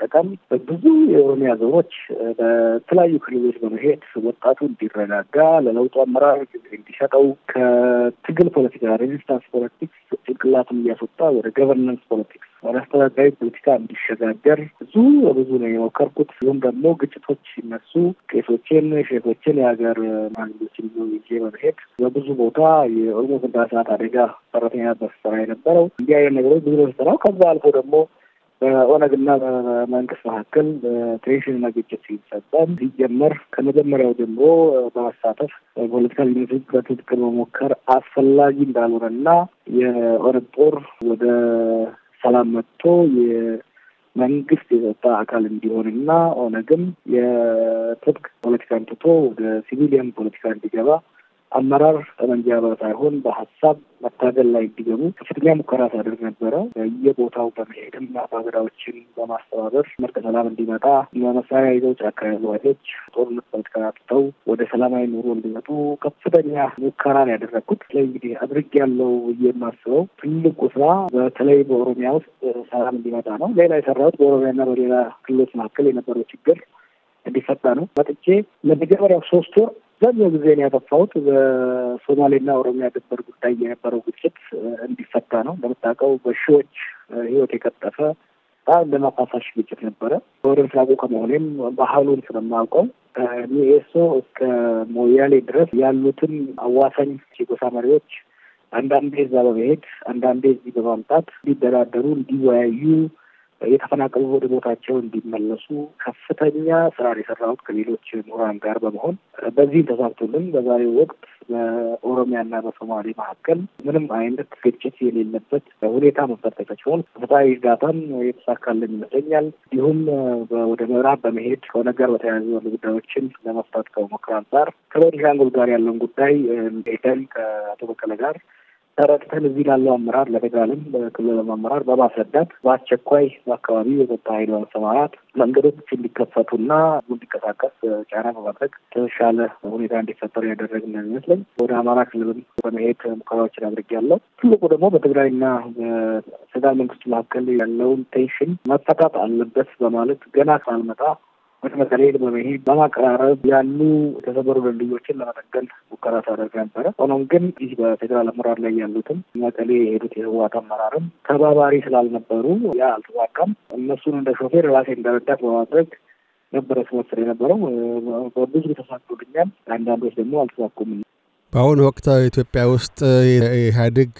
በመጠቀም ብዙ የኦሮሚያ ዞኖች በተለያዩ ክልሎች በመሄድ ወጣቱ እንዲረጋጋ ለለውጡ አመራሮች እንዲሰጠው ከትግል ፖለቲካ ሬዚስታንስ ፖለቲክስ ጭንቅላትን እያስወጣ ወደ ገቨርናንስ ፖለቲክስ ወደ አስተዳዳሪ ፖለቲካ እንዲሸጋገር ብዙ በብዙ ነው የሞከርኩት። ይሁም ደግሞ ግጭቶች ሲነሱ ቄሶችን፣ ሼኮችን፣ የሀገር ማግኞችን ይዤ በመሄድ በብዙ ቦታ የኦሮሞ ፍንዳታ አደጋ ሰራተኛ በስራ የነበረው እንዲህ አይነት ነገሮች ብዙ ነው ስራው ከዛ አልፎ ደግሞ በኦነግና በመንግስት መካከል በትሬሽንና ግጭት ሲፈጠም ሲጀመር ከመጀመሪያው ጀምሮ በመሳተፍ ፖለቲካ ልዩነቶች በትጥቅ መሞከር አስፈላጊ እንዳልሆነና የኦነግ ጦር ወደ ሰላም መጥቶ መንግስት የጸጥታ አካል እንዲሆንና ኦነግም የትጥቅ ፖለቲካን ትቶ ወደ ሲቪሊያን ፖለቲካ እንዲገባ አመራር ጠመንጃ ሳይሆን በሀሳብ መታገል ላይ እንዲገቡ ከፍተኛ ሙከራ ሲያደርግ ነበረ። በየቦታው በመሄድም አባገዳዎችን በማስተባበር መርቀ ሰላም እንዲመጣ በመሳሪያ ይዘው ጫካ ያሉ ኃይሎች ጦርነት ፖለቲካ ወደ ሰላማዊ ኑሮ እንዲመጡ ከፍተኛ ሙከራ ነው ያደረግኩት። ላይ እንግዲህ አድርግ ያለው የማስበው ትልቁ ስራ በተለይ በኦሮሚያ ውስጥ ሰላም እንዲመጣ ነው። ሌላ የሰራሁት በኦሮሚያና በሌላ ክልሎች መካከል የነበረው ችግር እንዲፈታ ነው። መጥቼ ለመጀመሪያው ሶስት ወር አብዛኛው ጊዜ ነው ያጠፋሁት በሶማሌና ኦሮሚያ ድንበር ጉዳይ የነበረው ግጭት እንዲፈታ ነው። እንደምታውቀው በሺዎች ህይወት የቀጠፈ በጣም ለማፋሳሽ ግጭት ነበረ። ወደ ምስራቁ ከመሆኔም ባህሉን ስለማውቀው ከሚኤሶ እስከ ሞያሌ ድረስ ያሉትን አዋሳኝ የጎሳ መሪዎች አንዳንዴ እዛ በመሄድ አንዳንዴ እዚህ በማምጣት እንዲደራደሩ፣ እንዲወያዩ የተፈናቀሉ ወደ ቦታቸው እንዲመለሱ ከፍተኛ ስራ የሰራሁት ከሌሎች ምሁራን ጋር በመሆን በዚህም ተሳትፎልን በዛሬው ወቅት በኦሮሚያና በሶማሌ መካከል ምንም አይነት ግጭት የሌለበት ሁኔታ መፈጠር ተችሏል። ፍትሐዊ እርዳታም የተሳካልን ይመስለኛል። እንዲሁም ወደ ምዕራብ በመሄድ ከሆነ ጋር በተያያዙ ያሉ ጉዳዮችን ለመፍታት ከሞክር አንጻር ከቤኒሻንጉል ጋር ያለውን ጉዳይ ሄደን ከአቶ በቀለ ጋር ተረድተን እዚህ ላለው አመራር ለፌዴራልም ለክልልም አመራር በማስረዳት በአስቸኳይ በአካባቢ የጸጥታ ኃይል በመሰማራት መንገዶች እንዲከፈቱና ህዝቡ እንዲንቀሳቀስ ጫና በማድረግ የተሻለ ሁኔታ እንዲፈጠሩ ያደረግን ይመስለኝ። ወደ አማራ ክልልም በመሄድ ሙከራዎችን አድርጌያለሁ። ትልቁ ደግሞ በትግራይና በፌዴራል መንግስት መካከል ያለውን ቴንሽን መፈታት አለበት በማለት ገና ካልመጣ ወደ መቀሌ በመሄድ በማቀራረብ ያሉ የተሰበሩ ድልድዮችን ለመጠገል ሙከራ ሳደርግ ነበረ። ሆኖም ግን ይህ በፌዴራል አመራር ላይ ያሉትም መቀሌ የሄዱት የህወሓት አመራርም ተባባሪ ስላልነበሩ ያ አልተዋቃም። እነሱን እንደ ሾፌር ራሴ እንደረዳት በማድረግ ነበረ ስመስር የነበረው በብዙ ተሳክቶልኛል። አንዳንዶች ደግሞ አልተሳኩም። በአሁኑ ወቅት ኢትዮጵያ ውስጥ ኢህአዴግ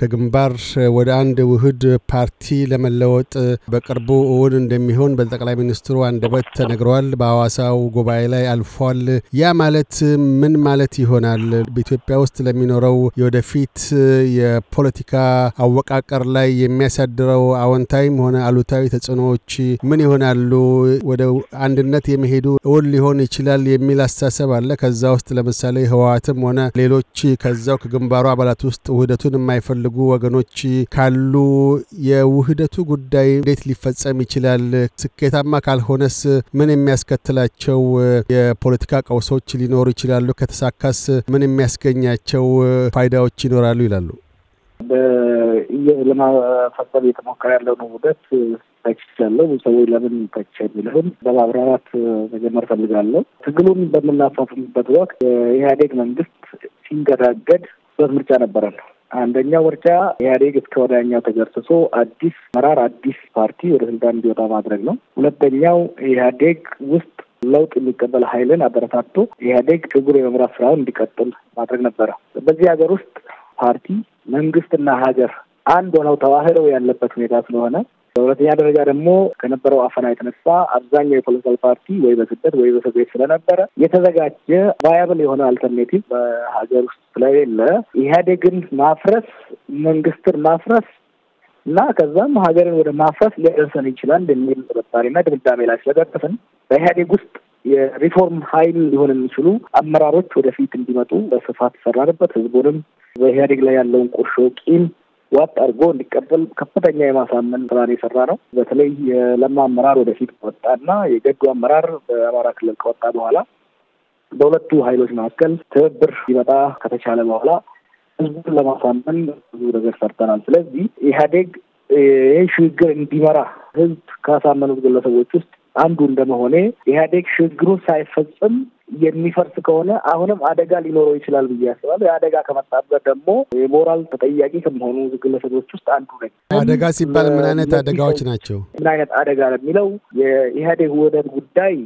ከግንባር ወደ አንድ ውህድ ፓርቲ ለመለወጥ በቅርቡ እውን እንደሚሆን በጠቅላይ ሚኒስትሩ አንደበት ተነግረዋል። በሐዋሳው ጉባኤ ላይ አልፏል። ያ ማለት ምን ማለት ይሆናል? በኢትዮጵያ ውስጥ ለሚኖረው የወደፊት የፖለቲካ አወቃቀር ላይ የሚያሳድረው አዎንታዊም ሆነ አሉታዊ ተጽዕኖዎች ምን ይሆናሉ? ወደ አንድነት የመሄዱ እውን ሊሆን ይችላል የሚል አስተሳሰብ አለ። ከዛ ውስጥ ለምሳሌ ህወሓትም ሆነ ሌሎች ከዛው ከግንባሩ አባላት ውስጥ ውህደቱን የማይፈልጉ ወገኖች ካሉ የውህደቱ ጉዳይ እንዴት ሊፈጸም ይችላል? ስኬታማ ካልሆነስ ምን የሚያስከትላቸው የፖለቲካ ቀውሶች ሊኖሩ ይችላሉ? ከተሳካስ ምን የሚያስገኛቸው ፋይዳዎች ይኖራሉ ይላሉ። ለማፈጸም የተሞከረ ያለውን ውህደት ታክስ ያለው ብዙ ሰዎች ለምን ታክስ የሚለውን በማብራራት መጀመር ፈልጋለሁ። ትግሉን በምናፋፍምበት ወቅት የኢህአዴግ መንግስት ሲንገዳገድ ሁለት ምርጫ ነበረን። አንደኛው ምርጫ ኢህአዴግ እስከ ወዲያኛው ተገርስሶ አዲስ መራር አዲስ ፓርቲ ወደ ስልጣን እንዲወጣ ማድረግ ነው። ሁለተኛው ኢህአዴግ ውስጥ ለውጥ የሚቀበል ኃይልን አበረታቶ ኢህአዴግ ችግሩ የመምራት ስራውን እንዲቀጥል ማድረግ ነበረ። በዚህ ሀገር ውስጥ ፓርቲ መንግስትና ሀገር አንድ ሆነው ተዋህደው ያለበት ሁኔታ ስለሆነ በሁለተኛ ደረጃ ደግሞ ከነበረው አፈና የተነሳ አብዛኛው የፖለቲካል ፓርቲ ወይ በስደት ወይ በእስር ቤት ስለነበረ የተዘጋጀ ቫያብል የሆነ አልተርኔቲቭ በሀገር ውስጥ ስለሌለ ኢህአዴግን ማፍረስ መንግስትን ማፍረስ እና ከዛም ሀገርን ወደ ማፍረስ ሊያደርሰን ይችላል የሚል ጥርጣሬና ድምዳሜ ላይ ስለደረስን በኢህአዴግ ውስጥ የሪፎርም ኃይል ሊሆን የሚችሉ አመራሮች ወደፊት እንዲመጡ በስፋት ሰራንበት። ህዝቡንም በኢህአዴግ ላይ ያለውን ቁርሾ ቂም ዋጥ አድርጎ እንዲቀበል ከፍተኛ የማሳመን ስራን የሰራ ነው። በተለይ የለማ አመራር ወደፊት ከወጣና የገዱ አመራር በአማራ ክልል ከወጣ በኋላ በሁለቱ ኃይሎች መካከል ትብብር ሊመጣ ከተቻለ በኋላ ህዝቡን ለማሳመን ብዙ ነገር ሰርተናል። ስለዚህ ኢህአዴግ ይህ ሽግግር እንዲመራ ህዝብ ካሳመኑት ግለሰቦች ውስጥ አንዱ እንደመሆኔ ኢህአዴግ ሽግግሩን ሳይፈጽም የሚፈርስ ከሆነ አሁንም አደጋ ሊኖረው ይችላል ብዬ አስባለሁ። የአደጋ ከመጣበት ደግሞ የሞራል ተጠያቂ ከመሆኑ ግለሰቦች ውስጥ አንዱ ነኝ። አደጋ ሲባል ምን አይነት አደጋዎች ናቸው? ምን አይነት አደጋ ለሚለው የኢህአዴግ ውህደት ጉዳይ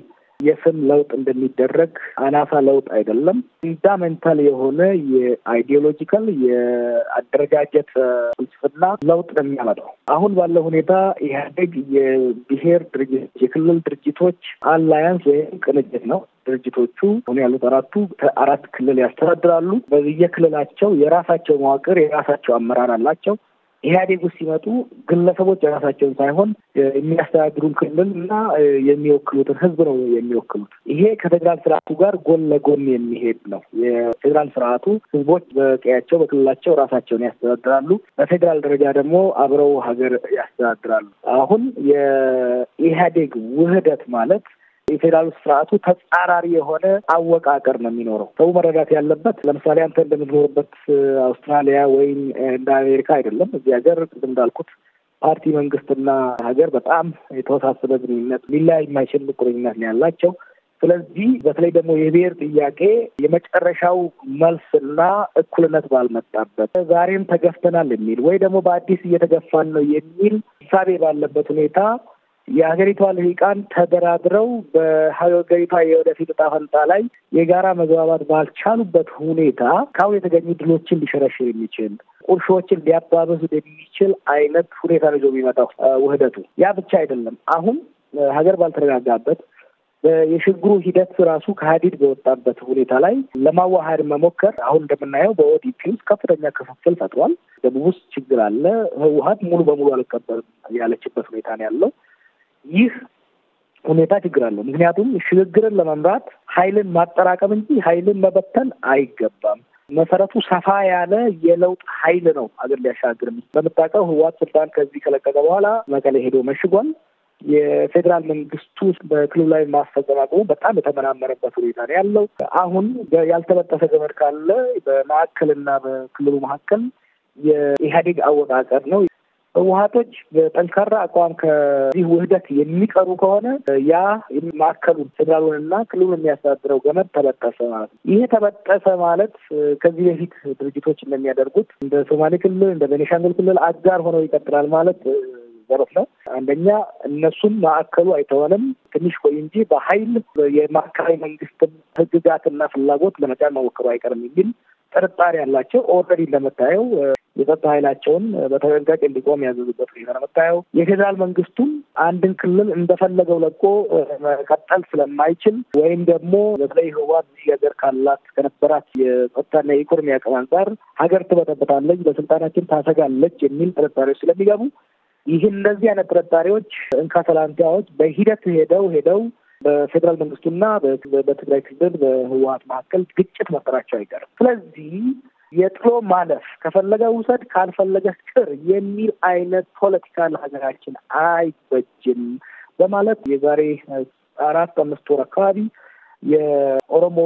የስም ለውጥ እንደሚደረግ አናሳ ለውጥ አይደለም። ፋንዳሜንታል የሆነ የአይዲዮሎጂካል የአደረጃጀት ፍልስፍና ለውጥ ነው የሚያመጣው። አሁን ባለው ሁኔታ ኢህአዴግ የብሔር ድርጅት የክልል ድርጅቶች አላያንስ ወይም ቅንጅት ነው። ድርጅቶቹ ሆኑ ያሉት አራቱ አራት ክልል ያስተዳድራሉ። በየክልላቸው የራሳቸው መዋቅር የራሳቸው አመራር አላቸው። ኢህአዴግ ውስጥ ሲመጡ ግለሰቦች የራሳቸውን ሳይሆን የሚያስተዳድሩን ክልል እና የሚወክሉትን ህዝብ ነው የሚወክሉት። ይሄ ከፌዴራል ስርዓቱ ጋር ጎን ለጎን የሚሄድ ነው። የፌዴራል ስርዓቱ ህዝቦች በቀያቸው በክልላቸው ራሳቸውን ያስተዳድራሉ። በፌዴራል ደረጃ ደግሞ አብረው ሀገር ያስተዳድራሉ። አሁን የኢህአዴግ ውህደት ማለት የፌዴራል ስርዓቱ ተጻራሪ የሆነ አወቃቀር ነው የሚኖረው። ሰው መረዳት ያለበት ለምሳሌ አንተ እንደምትኖርበት አውስትራሊያ ወይም እንደ አሜሪካ አይደለም። እዚህ ሀገር ቅድም እንዳልኩት ፓርቲ መንግስትና ሀገር በጣም የተወሳሰበ ግንኙነት፣ ሊለያይ የማይችል ቁርኝነት ነው ያላቸው። ስለዚህ በተለይ ደግሞ የብሔር ጥያቄ የመጨረሻው መልስና እኩልነት ባልመጣበት ዛሬም ተገፍተናል የሚል ወይ ደግሞ በአዲስ እየተገፋን ነው የሚል እሳቤ ባለበት ሁኔታ የሀገሪቷ ልሂቃን ተደራድረው በሀገሪቷ የወደፊት ዕጣ ፈንታ ላይ የጋራ መግባባት ባልቻሉበት ሁኔታ ካሁን የተገኙ ድሎችን ሊሸረሽር የሚችል ቁርሾዎችን ሊያባበሱ የሚችል አይነት ሁኔታ ነው ይዞ የሚመጣው ውህደቱ። ያ ብቻ አይደለም። አሁን ሀገር ባልተረጋጋበት የሽግሩ ሂደት ራሱ ከሀዲድ በወጣበት ሁኔታ ላይ ለማዋሃድ መሞከር አሁን እንደምናየው በኦዲፒ ውስጥ ከፍተኛ ክፍፍል ፈጥሯል። ደቡብ ውስጥ ችግር አለ። ህወሀት ሙሉ በሙሉ አልቀበልም ያለችበት ሁኔታ ነው ያለው። ይህ ሁኔታ ችግር አለው። ምክንያቱም ሽግግርን ለመምራት ኃይልን ማጠራቀም እንጂ ኃይልን መበተን አይገባም። መሰረቱ ሰፋ ያለ የለውጥ ኃይል ነው አገር ሊያሻግር በምታውቀው ህወሓት ስልጣን ከዚህ ከለቀቀ በኋላ መቀሌ ሄዶ መሽጓል። የፌዴራል መንግስቱ በክልሉ ላይ ማስፈጸም አቅሙ በጣም የተመናመረበት ሁኔታ ነው ያለው። አሁን ያልተበጠሰ ገመድ ካለ በማዕከልና በክልሉ መካከል የኢህአዴግ አወቃቀር ነው። ህወሀቶች በጠንካራ አቋም ከዚህ ውህደት የሚቀሩ ከሆነ ያ ማዕከሉን ፌዴራሉንና ክልሉን የሚያስተዳድረው ገመድ ተበጠሰ ማለት ነው። ይሄ ተበጠሰ ማለት ከዚህ በፊት ድርጅቶች እንደሚያደርጉት እንደ ሶማሌ ክልል፣ እንደ ቤኒሻንጉል ክልል አጋር ሆነው ይቀጥላል ማለት ዘሮች ነው። አንደኛ እነሱም ማዕከሉ አይተወንም ትንሽ ቆይ እንጂ በሀይል የማዕከላዊ መንግስትን ህግጋትና ፍላጎት ለመጫን መሞከሩ አይቀርም የሚል ጥርጣሬ ያላቸው ኦልሬዲ እንደምታየው የጸጥታ ኃይላቸውን በተጠንቀቅ እንዲቆም ያዘዙበት ሁኔታ ነው የምታየው። የፌዴራል መንግስቱም አንድን ክልል እንደፈለገው ለቆ መቀጠል ስለማይችል ወይም ደግሞ በተለይ ህወሓት እዚህ ሀገር ካላት ከነበራት የጸጥታና የኢኮኖሚ አቅም አንጻር ሀገር ትበጠበጣለች፣ በስልጣናችን ታሰጋለች የሚል ጥርጣሬዎች ስለሚገቡ ይህ እነዚህ አይነት ጥርጣሬዎች እንካ በሂደት ሄደው ሄደው በፌዴራል መንግስቱና በትግራይ ክልል በህወሀት መካከል ግጭት መፈራቸው አይቀርም። ስለዚህ የጥሎ ማለፍ ከፈለገ ውሰድ፣ ካልፈለገ ቅር የሚል አይነት ፖለቲካ ለሀገራችን አይበጅም በማለት የዛሬ አራት አምስት ወር አካባቢ የኦሮሞ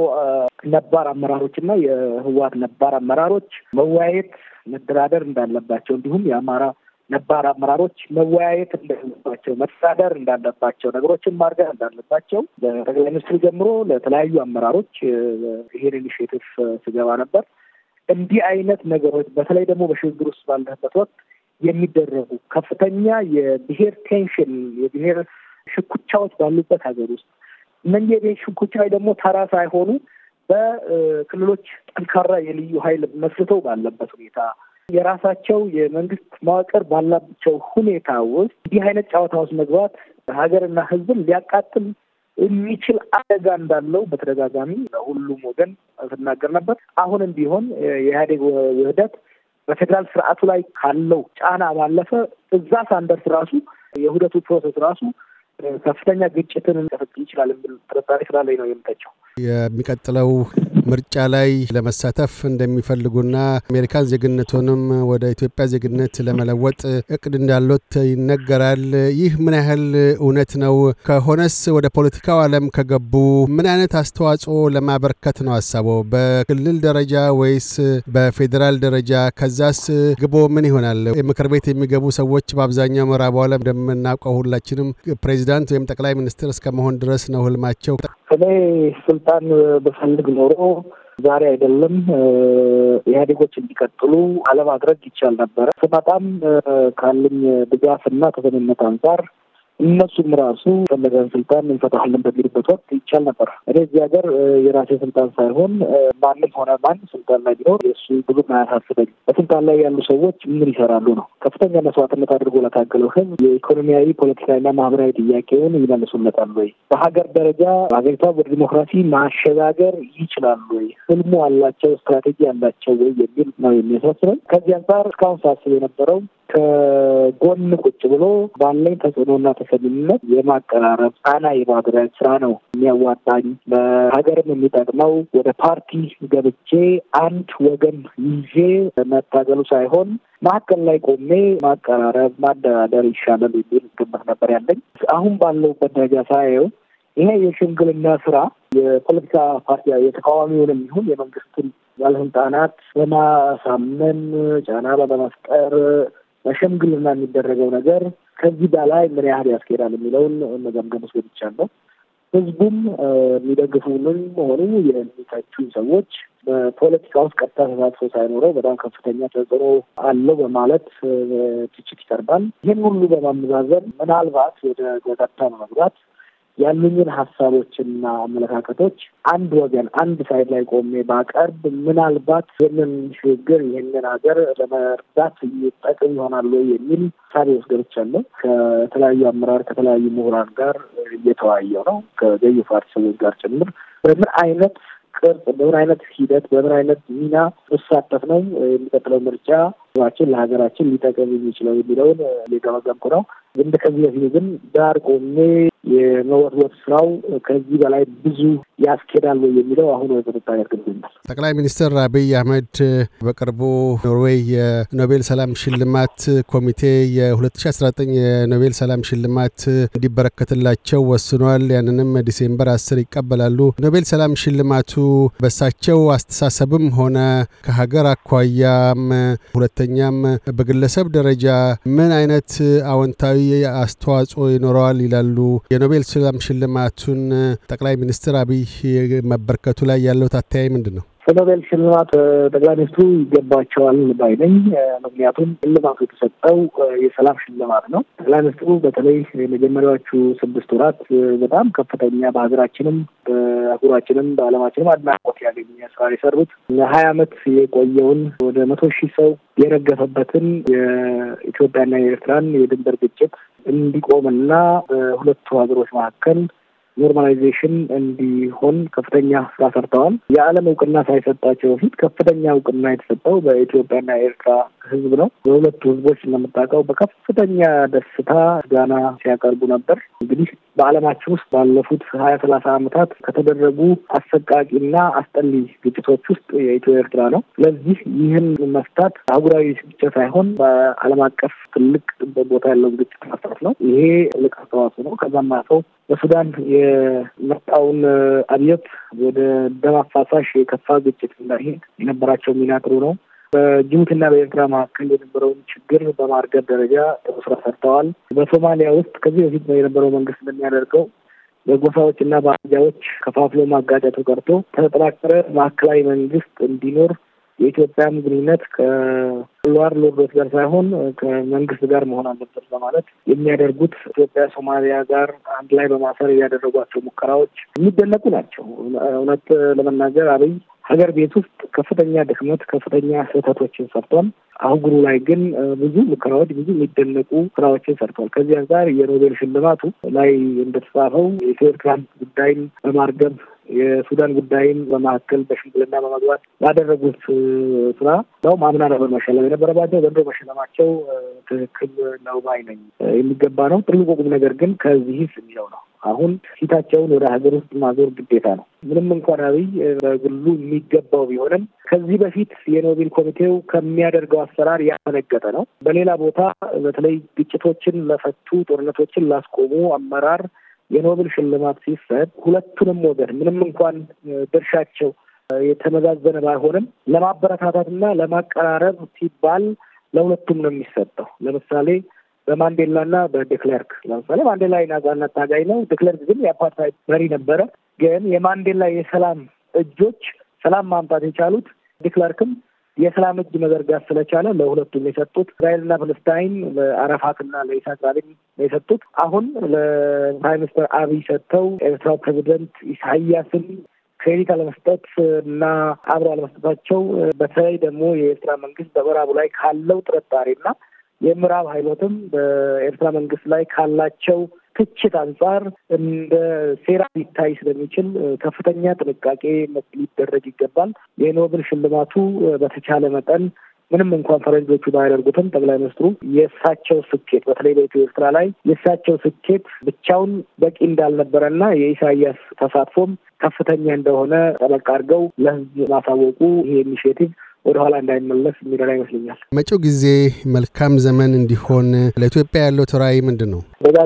ነባር አመራሮች እና የህወሓት ነባር አመራሮች መወያየት መደራደር እንዳለባቸው እንዲሁም የአማራ ነባር አመራሮች መወያየት እንዳለባቸው መተዳደር እንዳለባቸው ነገሮችን ማርገብ እንዳለባቸው ለጠቅላይ ሚኒስትሩ ጀምሮ ለተለያዩ አመራሮች ይሄን ኢኒሽቲቭ ስገባ ነበር። እንዲህ አይነት ነገሮች በተለይ ደግሞ በሽግግር ውስጥ ባለበት ወቅት የሚደረጉ ከፍተኛ የብሔር ቴንሽን የብሔር ሽኩቻዎች ባሉበት ሀገር ውስጥ እነዚህ የብሔር ሽኩቻዎች ደግሞ ተራ ሳይሆኑ በክልሎች ጠንካራ የልዩ ኃይል መስርተው ባለበት ሁኔታ የራሳቸው የመንግስት መዋቅር ባላቸው ሁኔታ ውስጥ እንዲህ አይነት ጨዋታ ውስጥ መግባት ሀገርና ሕዝብን ሊያቃጥል የሚችል አደጋ እንዳለው በተደጋጋሚ ሁሉም ወገን ስናገር ነበር። አሁንም ቢሆን የኢህአዴግ ውህደት በፌዴራል ስርዓቱ ላይ ካለው ጫና ባለፈ እዛ ሳንደርስ ራሱ የውህደቱ ፕሮሰስ ራሱ ከፍተኛ ግጭትን ሊቀሰቅስ ይችላል የሚል ጥርጣሬ ስላለኝ ነው የምተቸው። የሚቀጥለው ምርጫ ላይ ለመሳተፍ እንደሚፈልጉና አሜሪካን ዜግነቱንም ወደ ኢትዮጵያ ዜግነት ለመለወጥ እቅድ እንዳሉት ይነገራል። ይህ ምን ያህል እውነት ነው? ከሆነስ ወደ ፖለቲካው ዓለም ከገቡ ምን አይነት አስተዋጽኦ ለማበርከት ነው ሀሳቦ? በክልል ደረጃ ወይስ በፌዴራል ደረጃ? ከዛስ ግቦ ምን ይሆናል? ምክር ቤት የሚገቡ ሰዎች በአብዛኛው ምዕራቡ ዓለም እንደምናውቀው ሁላችንም ፕሬዚዳንት ወይም ጠቅላይ ሚኒስትር እስከመሆን ድረስ ነው ህልማቸው። እኔ ስልጣን በፈልግ ኖሮ ዛሬ አይደለም ኢህአዴጎች እንዲቀጥሉ አለማድረግ ይቻል ነበረ። ስመጣም ካለኝ ድጋፍ እና ተሰሚነት አንጻር እነሱም ራሱ ፈለገን ስልጣን እንፈታለን በሚሉበት ወቅት ይቻል ነበር። እኔ እዚህ ሀገር የራሴ ስልጣን ሳይሆን ማንም ሆነ ማን ስልጣን ላይ ቢኖር የእሱ ብዙም አያሳስበኝ። በስልጣን ላይ ያሉ ሰዎች ምን ይሰራሉ ነው። ከፍተኛ መስዋዕትነት አድርጎ ለታገለው ህዝብ የኢኮኖሚያዊ ፖለቲካዊና ማህበራዊ ጥያቄውን ይመልሱለታል ወይ? በሀገር ደረጃ ሀገሪቷ ወደ ዲሞክራሲ ማሸጋገር ይችላሉ ወይ? ህልሙ አላቸው፣ ስትራቴጂ አላቸው ወይ? የሚል ነው የሚያሳስበኝ። ከዚህ አንጻር እስካሁን ሳስብ የነበረው ከጎን ቁጭ ብሎ ባለኝ ተጽዕኖና ተሰሚነት የማቀራረብ ጫና የማድረግ ስራ ነው የሚያዋጣኝ፣ በሀገርም የሚጠቅመው ወደ ፓርቲ ገብቼ አንድ ወገን ይዤ መታገሉ ሳይሆን መካከል ላይ ቆሜ ማቀራረብ፣ ማደራደር ይሻላል የሚል ግምት ነበር ያለኝ። አሁን ባለውበት ደረጃ ሳየው ይሄ የሽምግልና ስራ የፖለቲካ ፓርቲ የተቃዋሚውንም ይሁን የመንግስትን ባለስልጣናት በማሳመን ጫና በመፍጠር በሽምግልና የሚደረገው ነገር ከዚህ በላይ ምን ያህል ያስኬዳል የሚለውን መገምገም ውስጥ ህዝቡም የሚደግፉንም ሆኑ የሚተቹ ሰዎች በፖለቲካ ውስጥ ቀጥታ ተሳትፎ ሳይኖረው በጣም ከፍተኛ ተጽዕኖ አለው በማለት ትችት ይቀርባል። ይህን ሁሉ በማመዛዘን ምናልባት ወደ ጎዳታ መግባት ያሉኝን ሀሳቦችና አመለካከቶች አንድ ወገን አንድ ሳይድ ላይ ቆሜ ባቀርብ ምናልባት ይህንን ሽግግር ይህንን ሀገር ለመርዳት ይጠቅም ይሆናሉ የሚል ሳቢ ውስጥ ገብቻለሁ። ከተለያዩ አመራር ከተለያዩ ምሁራን ጋር እየተወያየሁ ነው። ከገዢ ፓርቲ ሰዎች ጋር ጭምር በምን አይነት ቅርጽ በምን አይነት ሂደት በምን አይነት ሚና ብሳተፍ ነው የሚቀጥለው ምርጫ ችን ለሀገራችን ሊጠቀም የሚችለው የሚለውን ሊገመገምኩ ነው። ግን ከዚህ በፊት ግን ዳር ቆሜ የመወርወር ስራው ከዚህ በላይ ብዙ ያስኬዳል ወይ የሚለው አሁን ወደ ጥርጣሬ ጠቅላይ ሚኒስትር አብይ አህመድ በቅርቡ ኖርዌይ የኖቤል ሰላም ሽልማት ኮሚቴ የ2019 የኖቤል ሰላም ሽልማት እንዲበረከትላቸው ወስኗል። ያንንም ዲሴምበር አስር ይቀበላሉ። ኖቤል ሰላም ሽልማቱ በሳቸው አስተሳሰብም ሆነ ከሀገር አኳያም ሁለተኛም በግለሰብ ደረጃ ምን አይነት አዎንታዊ አስተዋጽኦ ይኖረዋል ይላሉ? የኖቤል ሰላም ሽልማቱን ጠቅላይ ሚኒስትር አብይ መበርከቱ ላይ ያለውት አተያይ ምንድን ነው? የኖቤል ሽልማት ጠቅላይ ሚኒስትሩ ይገባቸዋል ባይ ነኝ። ምክንያቱም ሽልማቱ የተሰጠው የሰላም ሽልማት ነው። ጠቅላይ ሚኒስትሩ በተለይ የመጀመሪያዎቹ ስድስት ወራት በጣም ከፍተኛ በሀገራችንም በአህጉራችንም በዓለማችንም አድናቆት ያገኘ ስራ የሰሩት ለሀያ አመት የቆየውን ወደ መቶ ሺህ ሰው የረገፈበትን የኢትዮጵያና የኤርትራን የድንበር ግጭት እንዲቆምና በሁለቱ ሀገሮች መካከል ኖርማላይዜሽን እንዲሆን ከፍተኛ ስራ ሰርተዋል። የዓለም እውቅና ሳይሰጣቸው በፊት ከፍተኛ እውቅና የተሰጠው በኢትዮጵያና ኤርትራ ሕዝብ ነው። በሁለቱ ሕዝቦች እንደምታውቀው በከፍተኛ ደስታ ጋና ሲያቀርቡ ነበር። እንግዲህ በዓለማችን ውስጥ ባለፉት ሀያ ሰላሳ ዓመታት ከተደረጉ አሰቃቂና አስጠሊ ግጭቶች ውስጥ የኢትዮ ኤርትራ ነው። ስለዚህ ይህን መፍታት አህጉራዊ ብቻ ሳይሆን በዓለም አቀፍ ትልቅ ቦታ ያለው ግጭት መፍታት ነው። ይሄ ትልቅ አስተዋጽኦ ነው። ከዛም አልፈው በሱዳን የመጣውን አብዮት ወደ ደም አፋሳሽ የከፋ ግጭት እንዳይሄድ የነበራቸው ሚና ጥሩ ነው። በጅቡቲና በኤርትራ መካከል የነበረውን ችግር በማርገብ ደረጃ ስራ ሰርተዋል። በሶማሊያ ውስጥ ከዚህ በፊት የነበረው መንግስት እንደሚያደርገው በጎሳዎች እና በአንጃዎች ከፋፍሎ ማጋጨቱ ቀርቶ ተጠናከረ ማዕከላዊ መንግስት እንዲኖር የኢትዮጵያም ግንኙነት ከሉዋር ሎርዶች ጋር ሳይሆን ከመንግስት ጋር መሆን አለበት በማለት የሚያደርጉት ኢትዮጵያ ሶማሊያ ጋር አንድ ላይ በማሰር ያደረጓቸው ሙከራዎች የሚደነቁ ናቸው። እውነት ለመናገር አብይ ሀገር ቤት ውስጥ ከፍተኛ ድክመት፣ ከፍተኛ ስህተቶችን ሰርቷል። አህጉሩ ላይ ግን ብዙ ሙከራዎች፣ ብዙ የሚደነቁ ስራዎችን ሰርቷል። ከዚህ አንጻር የኖቤል ሽልማቱ ላይ እንደተጻፈው የኤርትራን ጉዳይን በማርገብ የሱዳን ጉዳይም በመካከል በሽምግልና በመግባት ባደረጉት ስራ ነው። ማምና ነበር መሸለም የነበረባቸው ዘንድሮ መሸለማቸው ትክክል ነው ባይ ነኝ። የሚገባ ነው። ትልቁ ቁም ነገር ግን ከዚህስ የሚለው ነው። አሁን ፊታቸውን ወደ ሀገር ውስጥ ማዞር ግዴታ ነው። ምንም እንኳን አብይ በግሉ የሚገባው ቢሆንም ከዚህ በፊት የኖቤል ኮሚቴው ከሚያደርገው አሰራር ያፈነገጠ ነው። በሌላ ቦታ በተለይ ግጭቶችን ለፈቱ ጦርነቶችን ላስቆሙ አመራር የኖብል ሽልማት ሲሰጥ ሁለቱንም ወገን ምንም እንኳን ድርሻቸው የተመዛዘነ ባይሆንም ለማበረታታትና ለማቀራረብ ሲባል ለሁለቱም ነው የሚሰጠው። ለምሳሌ በማንዴላና በዴክለርክ ለምሳሌ ማንዴላ የናዛነት ታጋይ ነው። ዴክለርክ ግን የአፓርታይድ መሪ ነበረ። ግን የማንዴላ የሰላም እጆች ሰላም ማምጣት የቻሉት ዴክለርክም የሰላም እጅ መዘርጋት ስለቻለ ለሁለቱም የሰጡት እስራኤልና ፍልስታይን ለአረፋትና ለኢሳቅ ራቢን የሰጡት አሁን ለፕራይም ሚኒስትር አብይ ሰጥተው ኤርትራው ፕሬዚደንት ኢሳያስን ክሬዲት አለመስጠት እና አብሮ አለመስጠታቸው በተለይ ደግሞ የኤርትራ መንግስት በምዕራቡ ላይ ካለው ጥርጣሬና የምዕራብ ሀይሎትም በኤርትራ መንግስት ላይ ካላቸው ትችት አንጻር እንደ ሴራ ሊታይ ስለሚችል ከፍተኛ ጥንቃቄ ሊደረግ ይገባል። የኖብል ሽልማቱ በተቻለ መጠን ምንም እንኳን ፈረንጆቹ ባያደርጉትም ጠቅላይ ሚኒስትሩ የእሳቸው ስኬት በተለይ በኢትዮ ኤርትራ ላይ የእሳቸው ስኬት ብቻውን በቂ እንዳልነበረና የኢሳያስ ተሳትፎም ከፍተኛ እንደሆነ ጠበቅ አድርገው ለሕዝብ ማሳወቁ ይሄ ኢኒሽቲቭ ወደኋላ እንዳይመለስ የሚረዳ ይመስለኛል። መጪው ጊዜ መልካም ዘመን እንዲሆን ለኢትዮጵያ ያለው ራዕይ ምንድን ነው?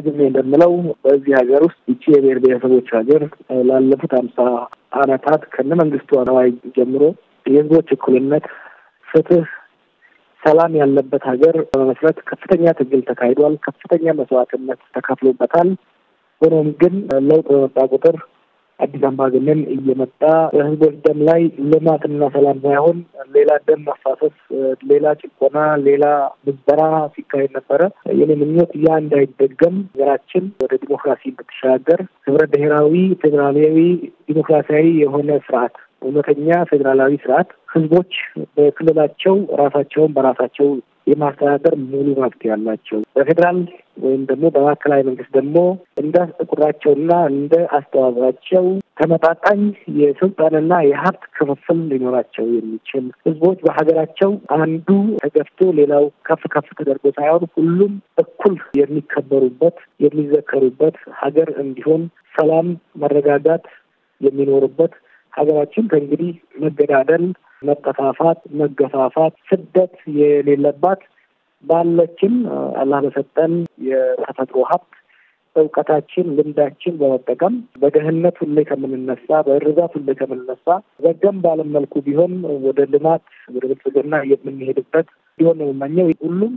ጊዜ እንደምለው በዚህ ሀገር ውስጥ ይቺ የብሔር ብሔረሰቦች ሀገር ላለፉት አምሳ አመታት ከነ መንግስቱ ነዋይ ጀምሮ የህዝቦች እኩልነት፣ ፍትህ፣ ሰላም ያለበት ሀገር በመመስረት ከፍተኛ ትግል ተካሂዷል። ከፍተኛ መስዋዕትነት ተከፍሎበታል። ሆኖም ግን ለውጥ በመጣ ቁጥር አዲስ አምባገነን እየመጣ በህዝቦች ደም ላይ ልማትና ሰላም ሳይሆን ሌላ ደም መፋሰስ፣ ሌላ ጭቆና፣ ሌላ ምዝበራ ሲካሄድ ነበረ። የኔ ምኞት ያ እንዳይደገም ሀገራችን ወደ ዲሞክራሲ እንድትሻገር ህብረ ብሔራዊ ፌዴራላዊ ዲሞክራሲያዊ የሆነ ስርዓት እውነተኛ ፌዴራላዊ ስርዓት ህዝቦች በክልላቸው ራሳቸውን በራሳቸው የማስተዳደር ሙሉ መብት ያላቸው በፌዴራል ወይም ደግሞ በማዕከላዊ መንግስት ደግሞ እንደ ጥቁራቸውና እንደ አስተዋጽኦአቸው ተመጣጣኝ የስልጣንና የሀብት ክፍፍል ሊኖራቸው የሚችል ህዝቦች በሀገራቸው አንዱ ተገፍቶ ሌላው ከፍ ከፍ ተደርጎ ሳይሆን ሁሉም እኩል የሚከበሩበት የሚዘከሩበት ሀገር እንዲሆን ሰላም፣ መረጋጋት የሚኖርበት ሀገራችን ከእንግዲህ መገዳደል መጠፋፋት፣ መገፋፋት፣ ስደት የሌለባት ባለችን አላህ በሰጠን የተፈጥሮ ሀብት እውቀታችን፣ ልምዳችን በመጠቀም በደህንነት ሁሌ ከምንነሳ፣ በእርዛት ሁሌ ከምንነሳ ዘገም ባለም መልኩ ቢሆን ወደ ልማት ወደ ብልጽግና የምንሄድበት ቢሆን ነው የምመኘው። ሁሉም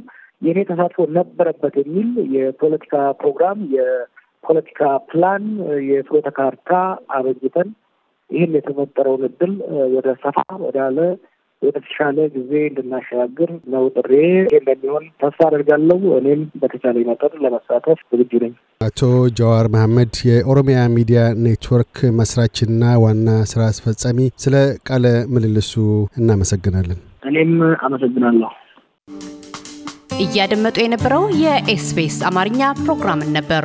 የእኔ ተሳትፎ ነበረበት የሚል የፖለቲካ ፕሮግራም፣ የፖለቲካ ፕላን፣ የፍኖተ ካርታ አበጅተን ይህን የተፈጠረውን እድል ወደ ሰፋ ወዳለ ወደ ተሻለ ጊዜ እንድናሸጋግር ነው ጥሬ እንደሚሆን ተስፋ አደርጋለሁ። እኔም በተቻለ መጠን ለመሳተፍ ዝግጁ ነኝ። አቶ ጀዋር መሐመድ የኦሮሚያ ሚዲያ ኔትወርክ መስራችና ዋና ስራ አስፈጻሚ፣ ስለ ቃለ ምልልሱ እናመሰግናለን። እኔም አመሰግናለሁ። እያደመጡ የነበረው የኤስቢኤስ አማርኛ ፕሮግራምን ነበር።